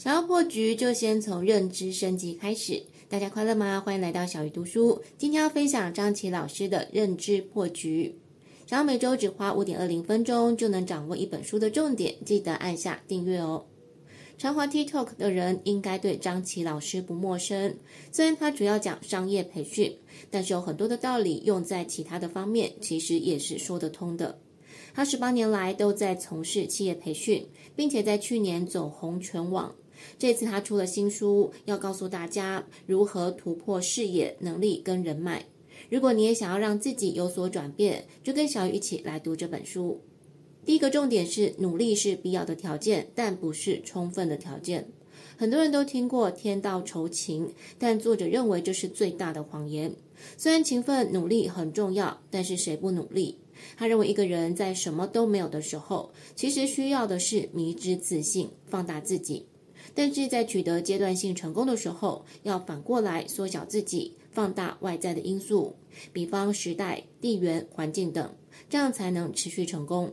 想要破局，就先從認知升級開始。大家快樂嗎？歡迎來到小魚讀書。今天要分享張琦老師的《認知破局》。想要每周只花五點二零分鐘，就能掌握一本書的重點。記得按下訂閱哦長。常滑 TikTok 的人應該對張琦老師不陌生。雖然他主要講商業培訓，但是有很多的道理用在其他的方面，其實也是說得通的。他十八年來都在從事企業培訓，並且在去年走紅全網。這次他出了新書，要告訴大家如何突破視野、能力跟人脈。如果你也想要讓自己有所轉變，就跟小魚一起來讀這本書。第一個重點是，努力是必要的條件，但不是充分的條件。很多人都聽過“天道酬勤”，但作者認為這是最大的謊言。雖然勤奮努力很重要，但是誰不努力？他認為一個人在什麼都沒有的時候，其實需要的是迷之自信，放大自己。但是在取得階段性成功的時候，要反過來縮小自己，放大外在的因素，比方時代、地緣、環境等，這樣才能持續成功。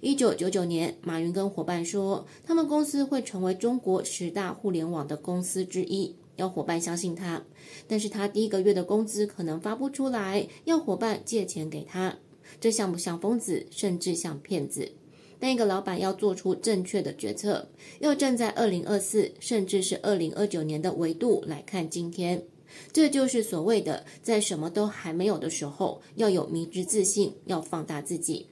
一九九九年，馬雲跟夥伴說，他們公司會成為中國十大互聯網的公司之一，要夥伴相信他。但是他第一個月的工資可能發不出來，要夥伴借錢給他，這像不像瘋子，甚至像騙子？但一個老闆要做出正確的決策，要站在二零二四甚至是二零二九年的維度來看今天，這就是所謂的在什麼都還沒有的時候要有迷之自信，要放大自己。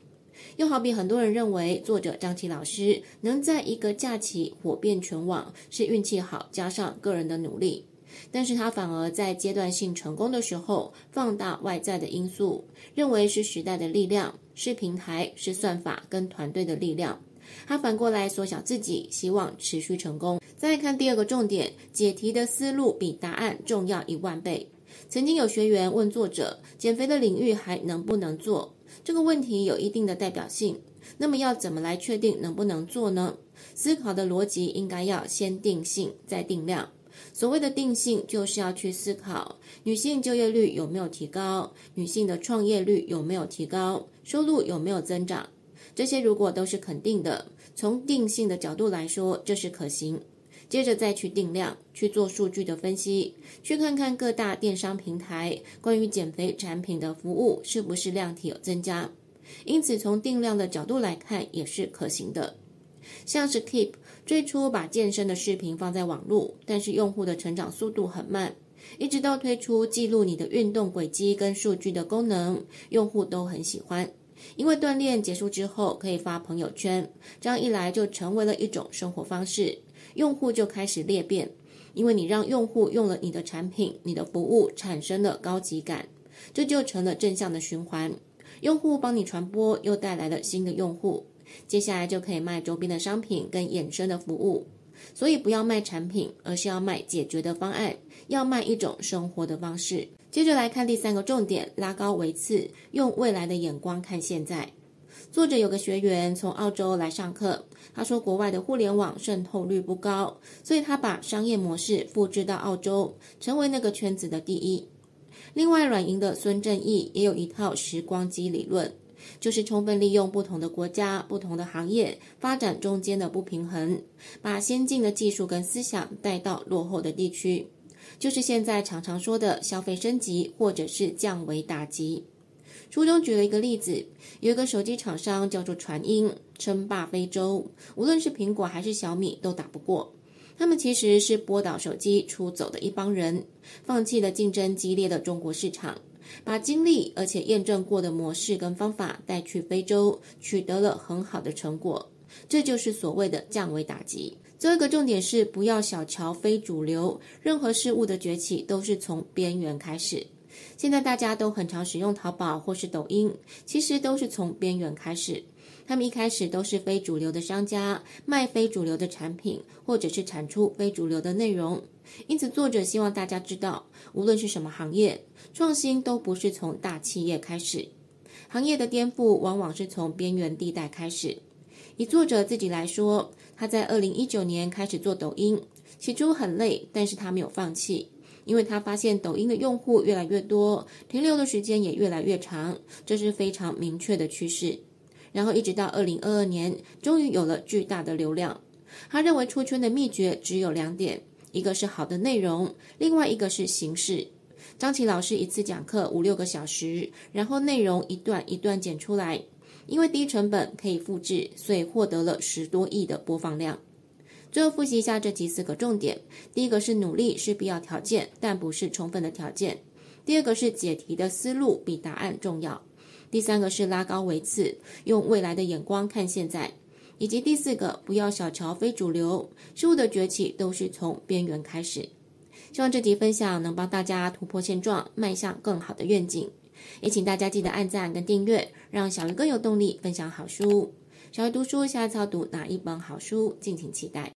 又好比很多人認為作者張琦老師能在一個假期火遍全網是運氣好加上個人的努力，但是他反而在階段性成功的時候放大外在的因素，認為是時代的力量。是平台、是算法跟團隊的力量，他反過來縮小自己，希望持續成功。再來看第二個重點，解題的思路比答案重要一萬倍。曾經有學員問作者，減肥的領域還能不能做？這個問題有一定的代表性。那麼要怎麼來確定能不能做呢？思考的邏輯應該要先定性，再定量。所謂的定性，就是要去思考女性就業率有沒有提高，女性的創業率有沒有提高，收入有沒有增長，這些如果都是肯定的，從定性的角度來說，這是可行。接着再去定量，去做數據的分析，去看看各大電商平台關於減肥產品的服務是不是量體有增加，因此從定量的角度來看，也是可行的。像是 Keep 最初把健身的視頻放在網絡，但是用戶的成長速度很慢，一直到推出記錄你的運動軌跡跟數據的功能，用戶都很喜歡，因為鍛鍊結束之後可以發朋友圈，這樣一來就成為了一種生活方式，用戶就開始裂變，因為你讓用戶用了你的產品、你的服務，產生了高級感，這就成了正向的循環，用戶幫你傳播，又帶來了新的用戶。接下來就可以賣周邊的商品跟衍生的服務，所以不要賣產品，而是要賣解決的方案，要賣一種生活的方式。接着來看第三個重點，拉高維次，用未來的眼光看現在。作者有個學員從澳洲來上課，他說國外的互聯網滲透率不高，所以他把商業模式複製到澳洲，成為那個圈子的第一。另外，軟銀的孫正義也有一套時光機理論。就是充分利用不同的國家、不同的行業發展中間的不平衡，把先進的技術跟思想帶到落後的地區，就是現在常常說的消費升級或者是降維打擊。書中舉了一個例子，有一個手機廠商叫做傳音，稱霸非洲，無論是蘋果還是小米都打不過。他們其實是波導手機出走的一幫人，放棄了競爭激烈的中國市場。把經歷而且驗證過的模式跟方法帶去非洲，取得了很好的成果。這就是所謂的降維打擊。最後一個重點是，不要小瞧非主流，任何事物的崛起都是從邊緣開始。現在大家都很常使用淘寶或是抖音，其實都是從邊緣開始。他們一開始都是非主流的商家，賣非主流的產品，或者是產出非主流的內容。因此，作者希望大家知道，無論是什麼行業，創新都不是從大企業開始。行業的顛覆往往是從邊緣地帶開始。以作者自己來說，他在二零一九年開始做抖音，起初很累，但是他沒有放棄，因為他發現抖音的用戶越來越多，停留的時間也越來越長，這是非常明確的趨勢。然後一直到二零二二年，終於有了巨大的流量。他認為出圈的秘訣只有兩點，一個是好的內容，另外一個是形式。張琦老師一次講課五六個小時，然後內容一段一段剪出來，因為低成本可以複製，所以獲得了十多億的播放量。最後複習一下這集四個重點：第一個是努力是必要條件，但不是充分的條件；第二個是解題的思路比答案重要。第三個是拉高維次，用未來的眼光看現在，以及第四個，不要小瞧非主流。事物的崛起都是從邊緣開始。希望這集分享能幫大家突破現狀，邁向更好的願景。也請大家記得按讚跟訂閱，讓小魚更有動力分享好書。小魚讀書下一次要讀哪一本好書，敬請期待。